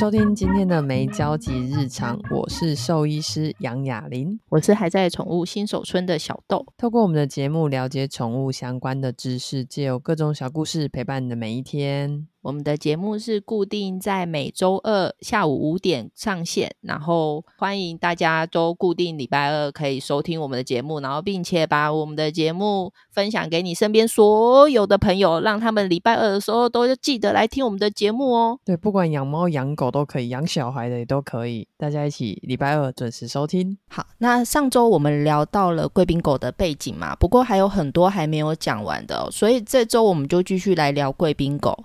收聽今天的《沒交集日常》，我是獸醫師楊雅琳，我是還在寵物新手村的小豆。透過我們的節目了解寵物相關的知識，借由各種小故事陪伴你的每一天。我們的節目是固定在每周二下午五點上線，然後歡迎大家都固定禮拜二可以收聽我們的節目，然後並且把我們的節目分享給你身邊所有的朋友，讓他們禮拜二的時候都要記得來聽我們的節目哦。對，不管養貓養狗都可以，養小孩的也都可以，大家一起禮拜二準時收聽。好，那上周我們聊到了貴賓狗的背景嘛，不過還有很多還沒有講完的哦，所以這周我們就繼續來聊貴賓狗。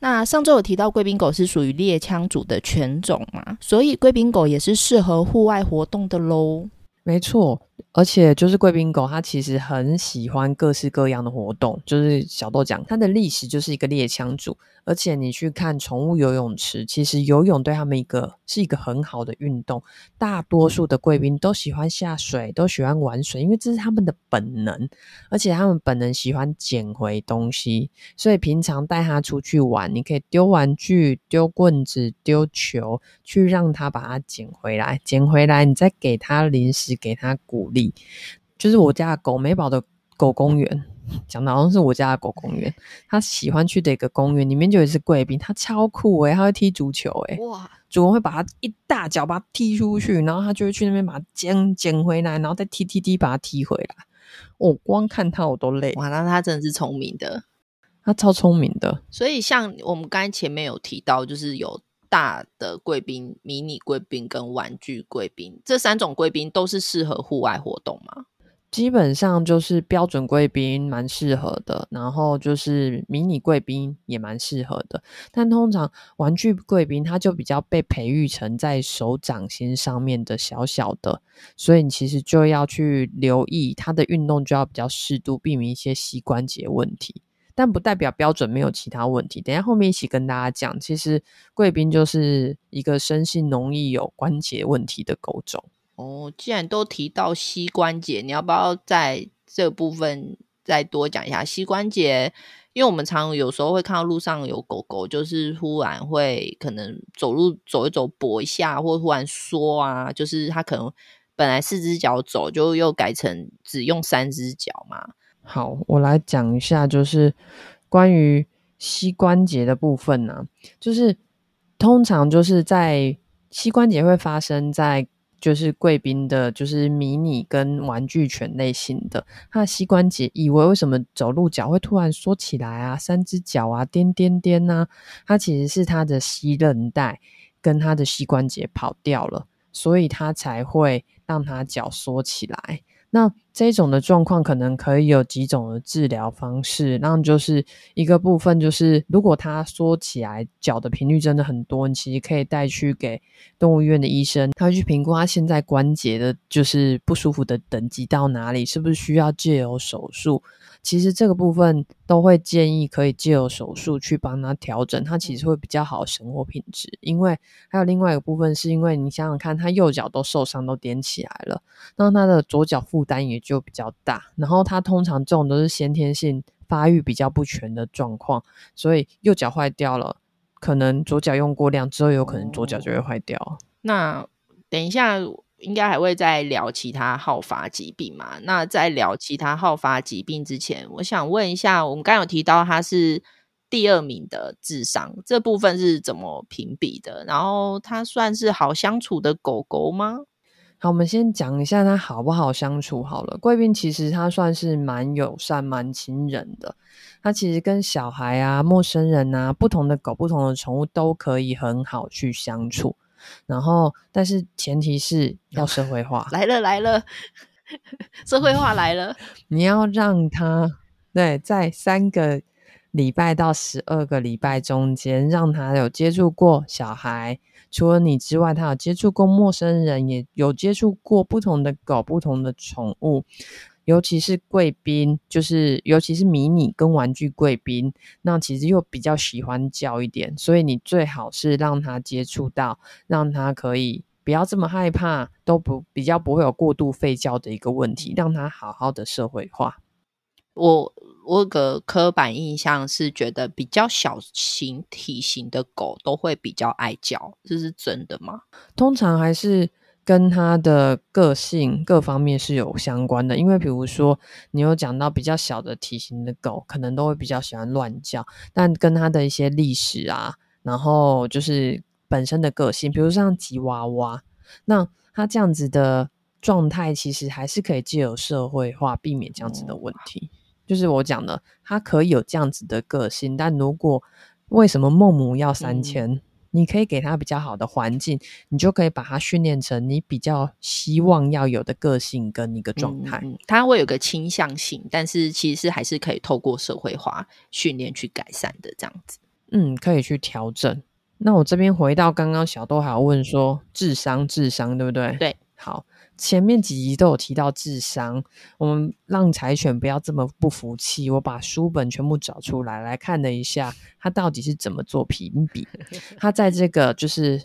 那上週有提到貴賓狗是屬於獵槍組的犬種嘛，所以貴賓狗也是適合戶外活動的嘍。沒錯，而且就是貴賓狗，它其實很喜歡各式各樣的活動。就是小豆講，它的歷史就是一個獵槍組。而且你去看寵物游泳池，其實游泳對他們一個是一個很好的運動。大多數的貴賓都喜歡下水，都喜歡玩水，因為這是他們的本能。而且他們本能喜歡撿回東西，所以平常帶它出去玩，你可以丟玩具、丟棍子、丟球，去讓它把它撿回來。撿回來，你再給它零食。給他鼓勵，就是我家的狗美寶的狗公園，講的好像是我家的狗公園，他喜歡去的一個公園，裡面就有只貴賓，他超酷誒、欸，他會踢足球誒、欸。哇，主人會把它一大腳把它踢出去，然後他就會去那邊把它撿撿回來，然後再踢踢踢，踢把它踢回來，我、哦、光看他我都累了哇，那他真的是聰明的，他超聰明的，所以像我們剛才前面有提到，就是有。大的貴賓、迷你貴賓跟玩具貴賓，這三種貴賓都是適合戶外活動嗎？基本上就是標準貴賓蠻適合的，然後就是迷你貴賓也蠻適合的，但通常玩具貴賓它就比較被培育成在手掌心上面的小小的，所以你其實就要去留意它的運動就要比較適度，避免一些膝關節問題。但不代表標準沒有其他問題。等一下後面一起跟大家講，其實貴賓就是一個生性容易有關節問題的狗種哦。既然都提到膝關節，你要不要在這部分再多講一下膝關節？因為我們常有時候會看到路上有狗狗，就是忽然會可能走路走一走跛一下，或忽然縮啊，就是它可能本來四隻腳走，就又改成只用三隻腳嘛。好，我來講一下，就是關於膝關節的部分呢、啊。就是通常就是在膝關節會發生在就是貴賓的，就是迷你跟玩具犬類型的，它的膝關節異位為什麼走路腳會突然縮起來啊？三隻腳啊，顛顛顛吶、啊？它其實是它的膝韌帶跟它的膝關節跑掉了，所以它才會讓它腳縮起來。那這種的狀況，可能可以有幾種的治療方式。那就是一個部分，就是如果他縮起來，腳的頻率真的很多，你其實可以帶去給動物醫院的醫生，他去評估他現在關節的就是不舒服的等級到哪裡，是不是需要借由手術。其實這個部分都會建議可以借由手術去幫他調整，他其實會比較好生活品質。因為還有另外一個部分，是因為你想想看，他右腳都受傷都踮起來了，那他的左腳負擔也就比較大。然後他通常這種都是先天性發育比較不全的狀況，所以右腳壞掉了，可能左腳用過量之後，有可能左腳就會壞掉。嗯。那，等一下。應該還會再聊其他好發疾病嘛？那在聊其他好發疾病之前，我想問一下，我們剛剛有提到他是第二名的智商，這部分是怎麼評比的？然後他算是好相處的狗狗嗎？好，我們先講一下他好不好相處好了。貴賓其實他算是蠻友善、蠻親人的，他其實跟小孩啊、陌生人啊、不同的狗、不同的寵物都可以很好去相處。然後，但是前提是要社會化。嗯，來了來了，社會化來了。你要讓他，對，在三個禮拜到十二個禮拜中間，讓他有接觸過小孩，除了你之外，他有接觸過陌生人，也有接觸過不同的狗、不同的寵物。尤其是貴賓，就是尤其是迷你跟玩具貴賓，那其實又比較喜歡叫一點，所以你最好是讓他接觸到，讓他可以不要這麼害怕，都不比較不會有過度吠叫的一個問題，讓他好好的社會化。我我有個刻板印象是覺得比較小型體型的狗都會比較愛叫，這是真的嗎？通常還是。跟他的個性各方面是有相關的，因為比如說你有講到比較小的體型的狗，可能都會比較喜歡亂叫，但跟他的一些歷史啊，然後就是本身的個性，比如像吉娃娃，那它這樣子的狀態其實還是可以藉由社會化避免這樣子的問題。就是我講的，它可以有這樣子的個性，但如果為什麼孟母要三遷？嗯你可以給他比較好的環境，你就可以把它訓練成你比較希望要有的個性跟一個狀態。他，嗯，會有個傾向性，但是其實還是可以透過社會化訓練去改善的，這樣子。嗯，可以去調整。那我這邊回到剛剛小豆還要問說，智商智商對不對？對，好。前面幾集、集都有提到智商，我們讓柴犬不要這麼不服氣。我把書本全部找出來來看了一下，它到底是怎麼做評比？它在這個就是《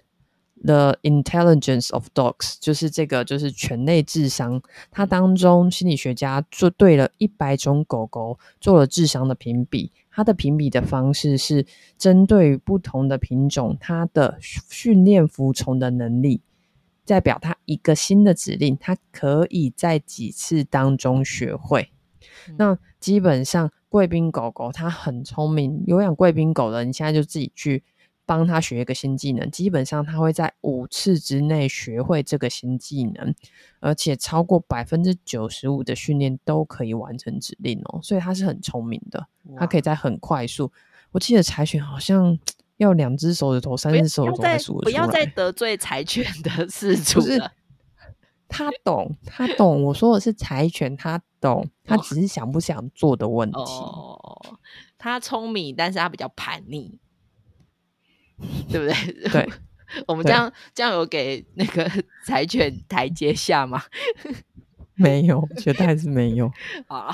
The Intelligence of Dogs》，就是這個就是犬類智商。它當中心理學家做對了一百種狗狗做了智商的評比，它的評比的方式是針對不同的品種，它的訓練服從的能力。代表它一個新的指令，它可以在幾次當中學會。嗯、那基本上貴賓狗狗它很聰明，有養貴賓狗的，你現在就自己去幫他學一個新技能。基本上它會在五次之內學會這個新技能，而且超過百分之九十五的訓練都可以完成指令哦。所以它是很聰明的，它可以在很快速。哇我記得柴犬好像。要兩隻手指頭，三隻手指頭。不要再不要再得罪柴犬的事主了。他懂，他懂。 我說的是柴犬，他懂，他只是想不想做的問題。哦哦，他聰明，但是他比較叛逆， 對不對？對， 我們這樣，對這樣有給那個柴犬台階下嗎？ 沒有，絕對還是沒有。好，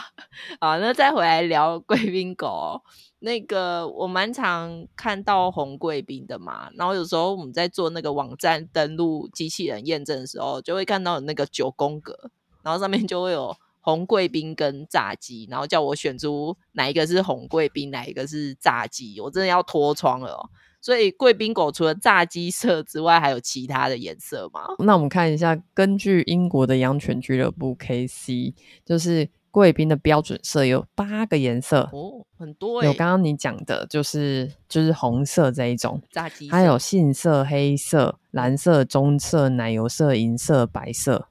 好，那再回來聊貴賓狗哦。那個我蠻常看到紅貴賓的嘛，然後有時候我們在做那個網站登錄機器人驗證的時候，就會看到有那個九宮格，然後上面就會有紅貴賓跟炸雞，然後叫我選出哪一個是紅貴賓，哪一個是炸雞，我真的要脫窗了哦。所以貴賓狗除了炸雞色之外，還有其他的顏色嗎？那我們看一下，根據英國的養犬俱樂部 KC，就是。貴賓的標準色有八個顏色哦，很多哎，有剛剛你講的，就是就是紅色這一種，炸雞還有杏色、黑色、藍色、棕色、奶油色、銀色、白色。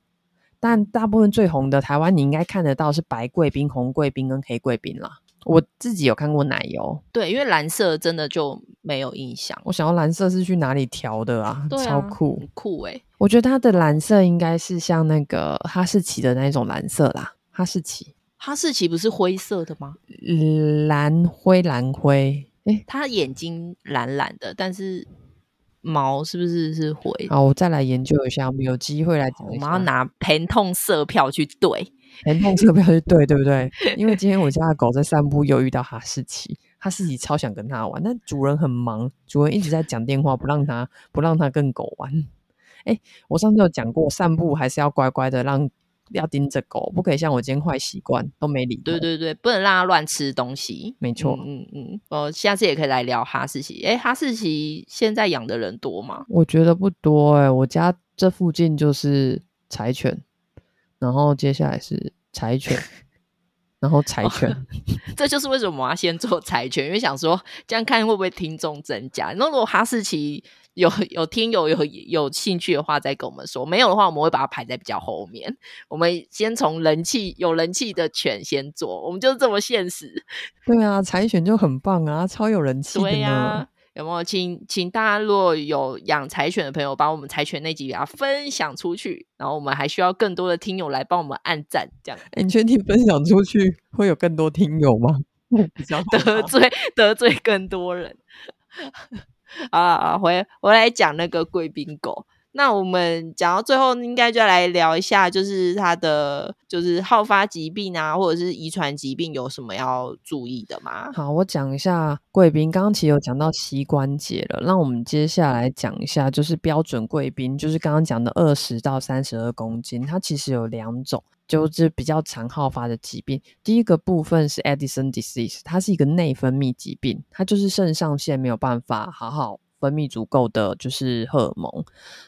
但大部分最紅的，台灣你應該看得到是白貴賓、紅貴賓跟黑貴賓啦。嗯、我自己有看過奶油，對，因為藍色真的就沒有印象。我想要藍色是去哪裡調的啊？啊超酷，很酷哎、欸！我覺得它的藍色應該是像那個哈士奇的那種藍色啦。哈士奇，哈士奇不是灰色的嗎？呃、藍灰藍灰，哎，它眼睛藍藍的，但是毛是不是是灰？好，我再來研究一下，我們有機會來講一下，我們要拿 Pantone 色票去對 Pantone 色票去對，去對，對不對？ 因為今天我家的狗在散步，又遇到哈士奇，哈 士奇超想跟他玩，但主人很忙，主人一直在講電話，不讓它不讓它跟狗玩。哎，我上次有講過，散步還是要乖乖的讓。要盯着狗，不可以像我今天壞習慣都沒理。對對對，不能讓它亂吃東西。沒錯，嗯嗯，哦、嗯，我下次也可以來聊哈士奇。哎，哈士奇現在養的人多嗎？我覺得不多哎、欸，我家這附近就是柴犬，然後接下來是柴犬。 然後柴犬，哦，這就是為什麼我們要先做柴犬， 因為想說這樣看會不會聽眾增加。那如果哈士奇有有聽友有有有興趣的話，再跟我們說。沒有的話，我們會把它排在比較後面。我們先從人氣有人氣的犬先做，我們就是這麼現實。對啊，柴犬就很棒啊，超有人氣的呢。對啊。有沒有，請請大家，如果有養柴犬的朋友，把我們柴犬那集啊分享出去，然後我們還需要更多的聽友來幫我們按讚，這樣、欸。你覺得你分享出去，會有更多聽友嗎？比較嗎？得罪得罪更多人。啊， 了，我我來講那個貴賓狗。那我們講到最後，應該就來聊一下，就是它的就是好發疾病啊，或者是遺傳疾病有什麼要注意的嗎？好，我講一下貴賓，剛剛其實有講到膝關節了，那我們接下來講一下，就是標準貴賓，就是剛剛講的二十到三十二公斤，它其實有兩種，就是比較常好發的疾病。第一個部分是 Addison disease，它是一個內分泌疾病，它就是腎上腺沒有辦法好好。分泌足夠的就是荷爾蒙。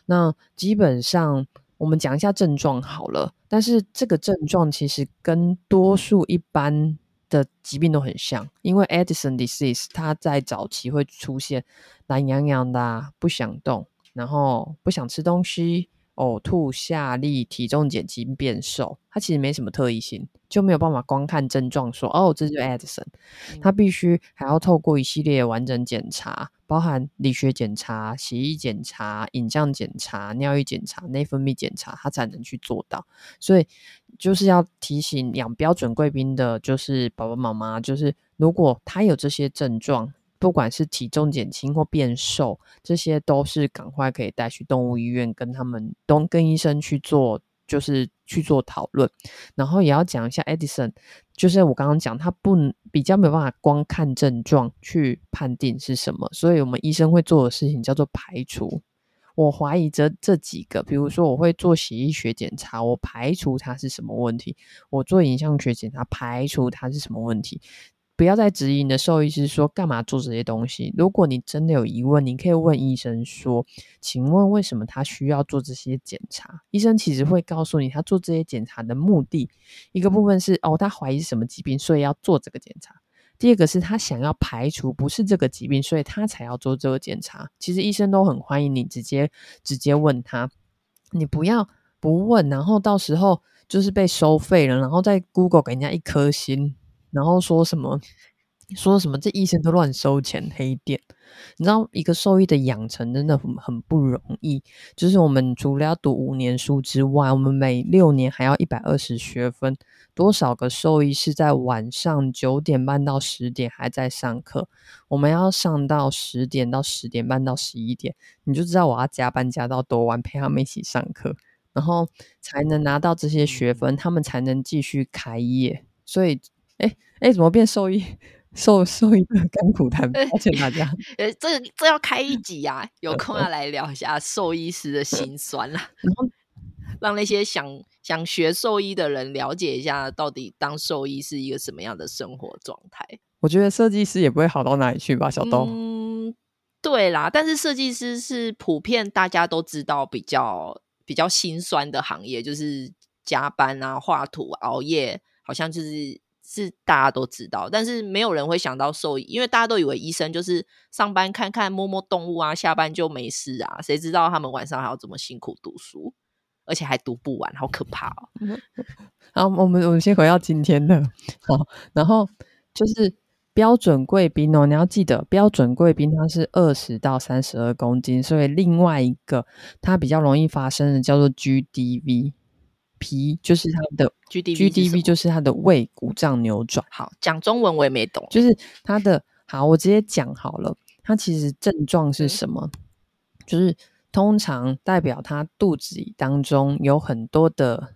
那基本上，我們講一下症狀好了。但是這個症狀其實跟多數一般的疾病都很像，因為 Addison disease 它在早期會出現懶洋洋的、不想動，然後不想吃東西。嘔、哦、吐、下痢、體重減輕、變瘦，他其實沒什麼特異性，就沒有辦法光看症狀說哦，這是 Addison，他必須還要透過一系列完整檢查，包含理學檢查、血液檢查、影像檢查、尿液檢查、內分泌檢查，他才能去做到。所以，就是要提醒養標準貴賓的，就是爸爸媽媽，就是如果他有這些症狀。不管是體重減輕或變瘦，這些都是趕快可以帶去動物醫院，跟他們跟醫生去做，就是去做討論，然後也要講一下 Addison，就是我剛剛講，他不比較沒有辦法光看症狀去判定是什麼，所以我們醫生會做的事情叫做排除。我懷疑這這幾個，比如說我會做血液學檢查，我排除它是什麼問題；我做影像學檢查，排除它是什麼問題。不要再質疑你的獸醫師說幹嘛做這些東西。如果你真的有疑問，你可以問醫生說：“請問為什麼他需要做這些檢查？”醫生其實會告訴你，他做這些檢查的目的，一個部分是哦，他懷疑是什麼疾病，所以要做這個檢查；第二個是他想要排除不是這個疾病，所以他才要做這個檢查。其實醫生都很歡迎你直接直接問他，你不要不問，然後到時候就是被收費了，然後在 Google 給人家一顆星。然後說什麼？說什麼？這醫生都亂收錢，黑店。你知道，一個獸醫的養成真的很很不容易。就是我們除了要讀五年書之外，我們每六年還要一百二十學分。多少個獸醫是在晚上九點半到十點還在上課？我們要上到十點到十點半到十一點，你就知道我要加班加到多晚陪他們一起上課，然後才能拿到這些學分，嗯、他們才能繼續開業。所以。哎哎，怎麼變獸醫？獸獸醫甘苦談，抱歉大家。呃， 這這要開一集呀，啊， 有空要來聊一下獸醫師的心酸了，啊。 讓那些想想學獸醫的人了解一下，到底當獸醫是一個什麼樣的生活狀態。我覺得設計師也不會好到哪裡去吧，小東。嗯，對啦，但是設計師是普遍大家都知道比較比較心酸的行業，就是加班啊、畫圖、熬夜，好像就是。是大家都知道，但是沒有人會想到獸醫，因為大家都以為醫生就是上班看看摸摸動物啊，下班就沒事啊。誰知道他們晚上還要這麼辛苦讀書，而且還讀不完，好可怕哦！好，我們我們先回到今天的哦，然後就是標準貴賓哦，你要記得標準貴賓它是二十到三十二公斤，所以另外一個它比較容易發生的叫做 G D V。脾就是他的 GDV 就是他的胃鼓脹扭轉。好，講中文我也沒懂，就是他的。好，我直接講好了，他其實症狀是什麼？嗯、就是通常代表他肚子裡當中有很多的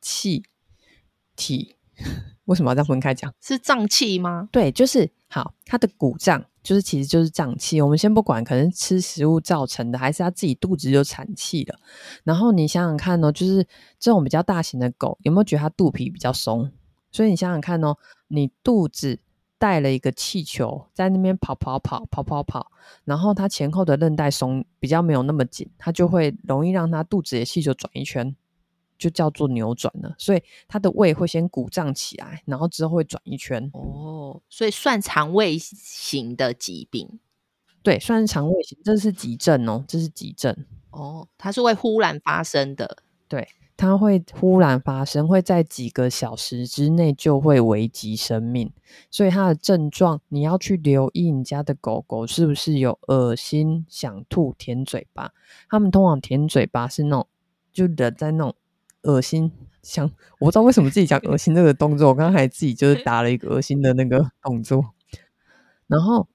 氣體。為什麼要這樣分開講？是脹氣嗎？對，就是好，他的鼓脹。就是其實就是脹氣，我們先不管，可能是吃食物造成的，還是他自己肚子就產氣了。然後你想想看哦，就是這種比較大型的狗，有沒有覺得它肚皮比較鬆？所以你想想看哦，你肚子帶了一個氣球，在那邊跑跑跑跑跑跑，然後它前後的韌帶鬆，比較沒有那麼緊，它就會容易讓它肚子的氣球轉一圈。就叫做扭轉了，所以它的胃會先鼓脹起來，然後之後會轉一圈。哦，oh, 所以算腸胃型的疾病，對，算腸胃型，這是急症哦，這是急症哦，oh, 它是會忽然發生的，對，它會忽然發生，會在幾個小時之內就會危及生命，所以它的症狀你要去留意，你家的狗狗是不是有惡心、想吐、舔嘴巴，它們通常舔嘴巴是那種，就得在那種。噁心，想我不知道為什麼自己想噁心這個動作， 我剛才自己就是打了一個噁心的那個動作， 然後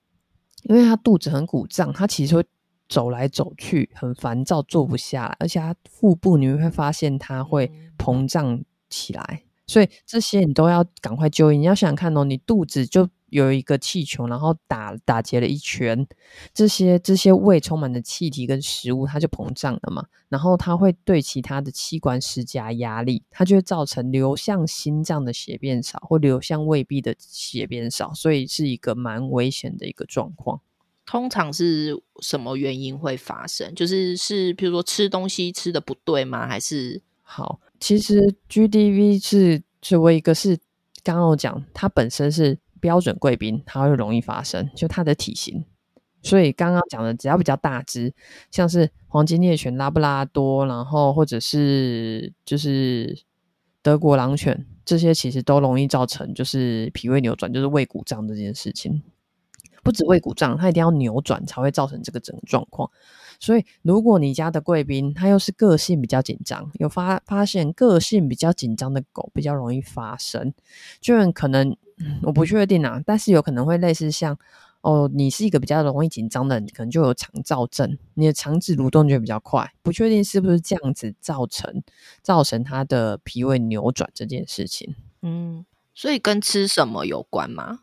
因為他肚子很鼓脹，他其實會走來走去，很煩躁，坐不下來，而且他腹部你會發現他會膨脹起來，所以這些你都要趕快就醫，你要想想看哦，你肚子就。有一個氣球，然後打打結了一圈，這些這些胃充滿的氣體跟食物，它就膨脹了嘛，然後它會對其他的器官施加壓力，它就會造成流向心臟的血變少，或流向胃壁的血變少，所以是一個蠻危險的一個狀況。通常是什麼原因會發生？就是是譬如說吃東西吃的不對嗎？還是……好，其實 GDV 是作為一個是剛剛我講它本身是。標準貴賓，它會容易發生，就它的體型。所以剛剛講的，只要比較大只，像是黃金獵犬、拉布拉多，然後或者是就是德國狼犬，這些其實都容易造成，就是脾胃扭轉，就是胃鼓脹這件事情。不止胃鼓脹，它一定要扭轉才會造成這個整個狀況。所以，如果你家的貴賓，它又是個性比較緊張，有發發現個性比較緊張的狗比較容易發生，就可能、嗯、我不確定啊，但是有可能會類似像哦，你是一個比較容易緊張的人，可能就有腸燥症，你的腸子蠕動就比較快，不確定是不是這樣子造成造成它的脾胃扭轉這件事情。嗯，所以跟吃什麼有關嗎？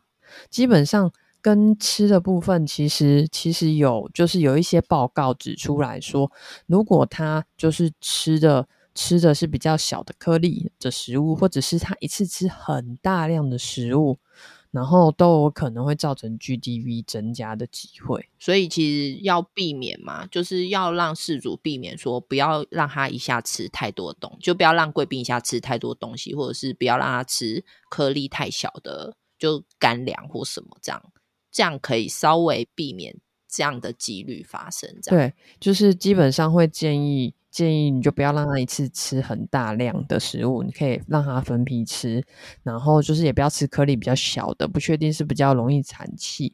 基本上。跟吃的部分其實，其實其實有就是有一些報告指出來說，如果他就是吃的吃的是比較小的顆粒的食物，或者是他一次吃很大量的食物，然後都有可能會造成 GDV 增加的機會。所以其實要避免嘛，就是要讓飼主避免說不要讓他一下吃太多東西，就不要讓貴賓一下吃太多東西，或者是不要讓他吃顆粒太小的，就乾糧或什麼這樣。這樣可以稍微避免這樣的幾率發生。對，就是基本上會建議建議你就不要讓他一次吃很大量的食物，你可以讓他分批吃，然後就是也不要吃顆粒比較小的，不確定是比較容易產氣。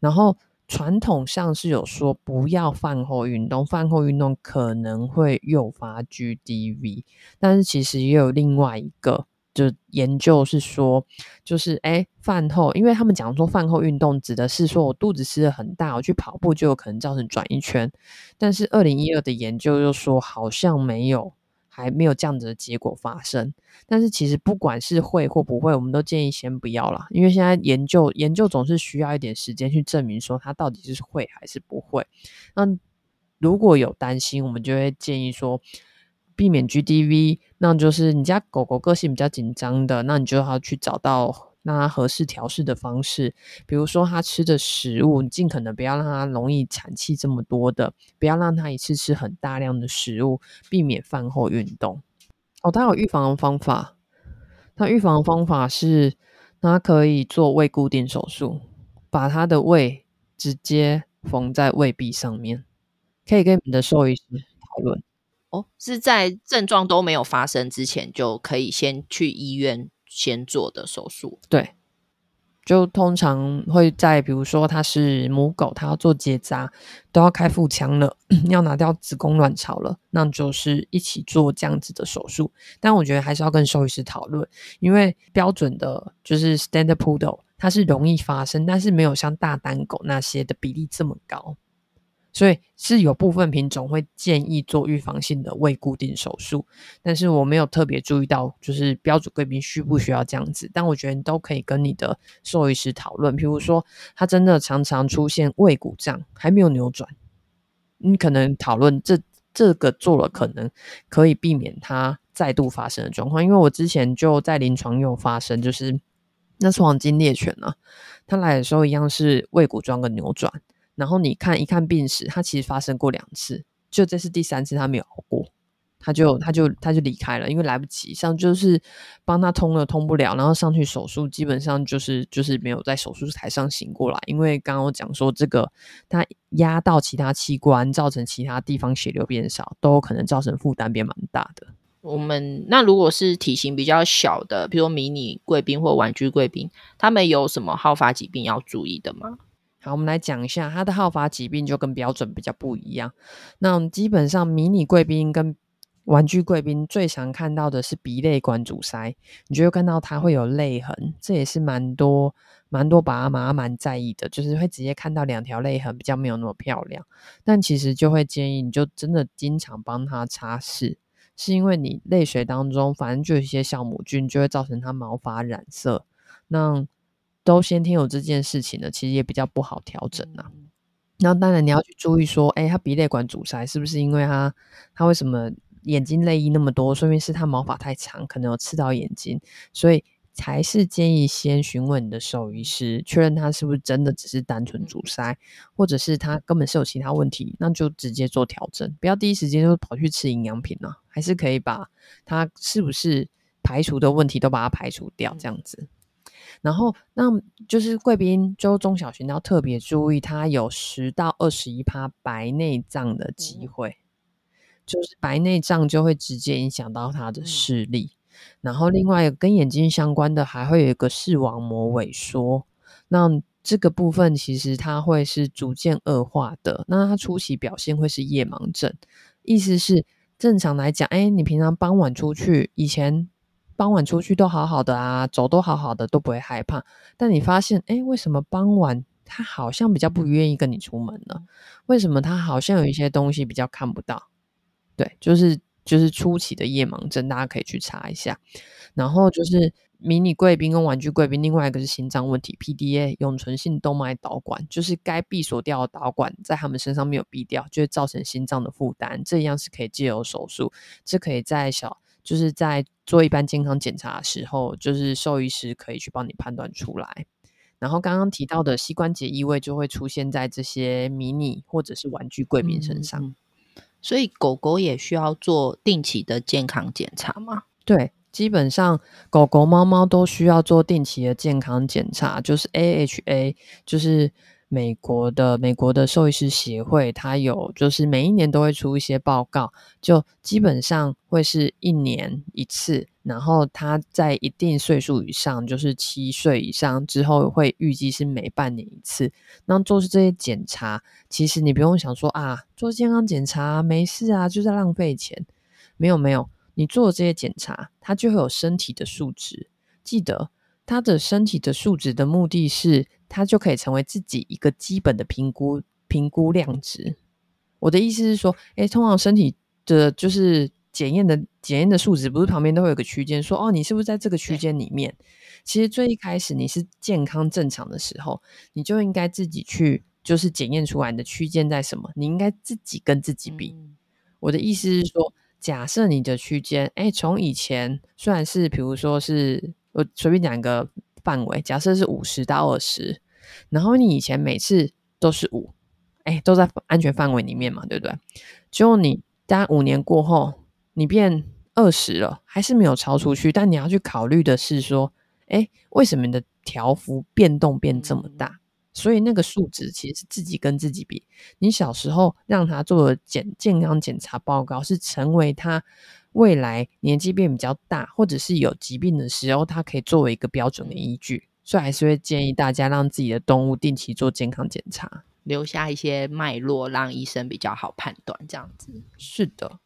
然後傳統上是有說不要飯後運動，飯後運動可能會誘發 GDV，但是其實也有另外一個。就研究是說，就是誒，飯後，因為他們講說飯後運動指的是說我肚子吃得很大，我去跑步就有可能造成轉一圈。但是二零一二的研究又說好像沒有，還沒有這樣子的結果發生。但是其實不管是會或不會，我們都建議先不要啦，因為現在研究研究總是需要一點時間去證明說它到底是會還是不會。那如果有擔心，我們就會建議說。避免 GDV 那就是你家狗狗個性比較緊張的，那你就要去找到讓它合適調試的方式。比如說，它吃的食物，你盡可能不要讓它容易產氣這麼多的，不要讓它一次吃很大量的食物，避免飯後運動。哦，它有預防的方法。它預防的方法是，它可以做胃固定手術，把它的胃直接縫在胃壁上面，可以跟你的獸醫討論。哦，是在症狀都沒有發生之前，就可以先去醫院先做的手術。對，就通常會在比如說它是母狗，它要做結紮，都要開腹腔了，要拿掉子宮卵巢了，那就是一起做這樣子的手術。但我覺得還是要跟獸醫師討論，因為標準的就是 Standard Poodle，它是容易發生，但是沒有像大丹狗那些的比例這麼高。所以是有部分品種會建議做預防性的胃固定手術，但是我沒有特別注意到，就是標準貴賓需不需要這樣子。但我覺得你都可以跟你的獸醫師討論，譬如說他真的常常出現胃鼓脹還沒有扭轉，你可能討論這這個做了，可能可以避免它再度發生的狀況。因為我之前就在臨床有發生，就是那是黃金獵犬呢、啊，他來的時候一樣是胃鼓脹跟扭轉。然後你看一看病史，他其實發生過兩次，就這是第三次他沒有熬過，他就他就他就離開了，因為來不及，像就是幫他通了通不了，然後上去手術，基本上就是就是沒有在手術台上醒過來，因為剛剛我講說這個他壓到其他器官，造成其他地方血流變少，都可能造成負擔變蠻大的。我們那如果是體型比較小的，比如說迷你貴賓或玩具貴賓，他們有什麼好發疾病要注意的嗎？好，我們來講一下它的好發疾病就跟標準比較不一樣。那基本上迷你貴賓跟玩具貴賓最常看到的是鼻淚管阻塞，你就會看到它會有淚痕，這也是蠻多蠻多爸媽蠻在意的，就是會直接看到兩條淚痕，比較沒有那麼漂亮，但其實就會建議你就真的經常幫它擦拭，是因為你淚水當中反正就有一些酵母菌，就會造成它毛髮染色。那都先聽有這件事情呢，其實也比較不好調整啊。嗯嗯那當然你要去注意說，哎，他鼻淚管阻塞是不是因為他他為什麼眼睛淚液那麼多？說明是他毛髮太長，可能有刺到眼睛，所以還是建議先詢問你的獸醫師，確認他是不是真的只是單純阻塞，嗯、或者是他根本是有其他問題，那就直接做調整，不要第一時間就跑去吃營養品啊。還是可以把他是不是排除的問題都把它排除掉，嗯、這樣子。然後，那就是貴賓，就中小型要特別注意，它有十到二十一趴白內障的機會，嗯、就是白內障就會直接影響到他的視力。嗯、然後，另外跟眼睛相關的，還會有一個視網膜萎縮，那這個部分其實它會是逐漸惡化的。那它初期表現會是夜盲症，意思是正常來講，哎，你平常傍晚出去以前。傍晚出去都好好的啊，走都好好的，都不會害怕。但你發現，哎，為什麼傍晚他好像比較不願意跟你出門呢？為什麼他好像有一些東西比較看不到？對，就是就是初期的夜盲症，大家可以去查一下。然後就是迷你貴賓跟玩具貴賓，另外一個是心臟問題，PDA 永存性動脈導管，就是該閉鎖掉的導管在他們身上沒有閉掉，就會造成心臟的負擔。這樣是可以借由手術，這可以在小。就是在做一般健康檢查的時候，就是獸醫師可以去幫你判斷出來。然後剛剛提到的膝關節異位就會出現在這些迷你或者是玩具貴賓身上。嗯，所以狗狗也需要做定期的健康檢查嘛？對，基本上狗狗、貓貓都需要做定期的健康檢查，就是 AHA，就是。美國的美國的獸醫師協會，它有就是每一年都會出一些報告，就基本上會是一年一次。然後它在一定歲數以上，就是七歲以上之後，會預計是每半年一次。那做這些檢查，其實你不用想說啊，做健康檢查沒事啊，就在浪費錢。沒有沒有，你做這些檢查，它就會有身體的數值，記得。他的身體的數值的目的是，他就可以成為自己一個基本的評估評估量值。我的意思是說，哎、欸，通常身體的就是檢驗的檢驗的數值，不是旁邊都會有一個區間，說哦，你是不是在這個區間裡面？對其實最一開始你是健康正常的時候，你就應該自己去就是檢驗出來你的區間在什麼，你應該自己跟自己比。嗯、我的意思是說，假設你的區間，哎、欸，從以前雖然是，比如說是。我隨便講一個範圍，假設是五十到二十，然後你以前每次都是五，哎，都在安全範圍裡面嘛，對不對？就你當五年過後，你變二十了，還是沒有超出去，但你要去考慮的是說，誒，為什麼你的調幅變動變這麼大？所以那個數值其實是自己跟自己比，你小時候讓他做檢健康檢查報告，是成為他，未來年紀變比較大，或者是有疾病的時候，它可以作為一個標準的依據，所以還是會建議大家讓自己的動物定期做健康檢查，留下一些脈絡，讓醫生比較好判斷。這樣子是的。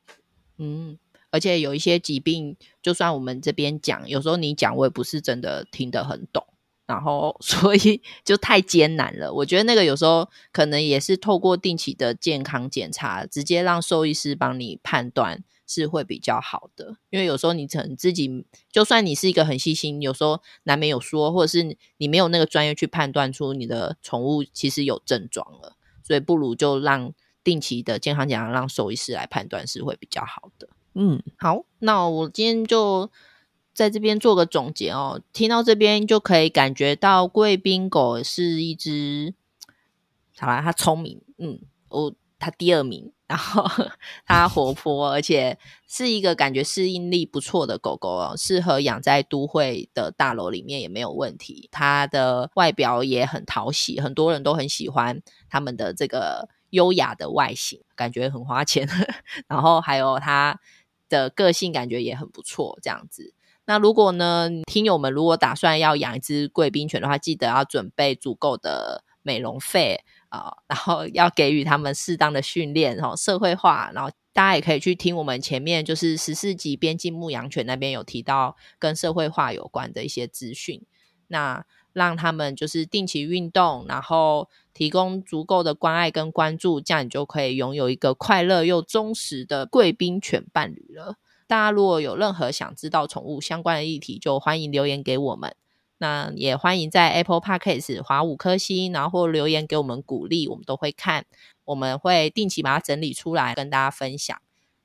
嗯，而且有一些疾病，就算我們這邊講，有時候你講我也不是真的聽得很懂，然後所以就太艱難了。我覺得那個有時候可能也是透過定期的健康檢查，直接讓獸醫師幫你判斷。是會比較好的，因為有時候你可能自己，就算你是一個很細心，有時候難免有說，或者是你沒有那個專業去判斷出你的寵物其實有症狀了，所以不如就讓定期的健康檢查讓獸醫師來判斷是會比較好的。嗯，好，那我今天就在這邊做個總結哦。聽到這邊就可以感覺到貴賓狗是一隻，好啦，它聰明，嗯，哦，它第二名。然後它活潑，而且是一個感覺適應力不錯的狗狗哦，適合養在都會的大樓裡面也沒有問題。它的外表也很討喜，很多人都很喜歡它們的這個優雅的外形，感覺很花錢。然後還有它的個性，感覺也很不錯。這樣子，那如果呢，聽友們如果打算要養一隻貴賓犬的話，記得要準備足夠的美容費。啊、哦，然後要給予他們適當的訓練，然、哦、後社會化，然後大家也可以去聽我們前面就是十四集邊境牧羊犬那邊有提到跟社會化有關的一些資訊。那讓他們就是定期運動，然後提供足夠的關愛跟關注，這樣你就可以擁有一個快樂又忠實的貴賓犬伴侶了。大家如果有任何想知道寵物相關的議題，就歡迎留言給我們。那也歡迎在 Apple Podcast 滑五顆星，然後或留言給我們鼓勵，我們都會看。我們會定期把它整理出來跟大家分享。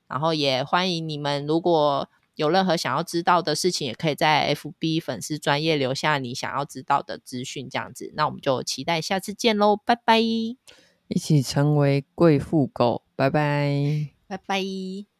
然後也歡迎你們，如果有任何想要知道的事情，也可以在 FB 粉絲專頁留下你想要知道的資訊，這樣子。那我們就期待下次見嘍，拜拜！一起成為貴婦狗，拜拜，拜拜。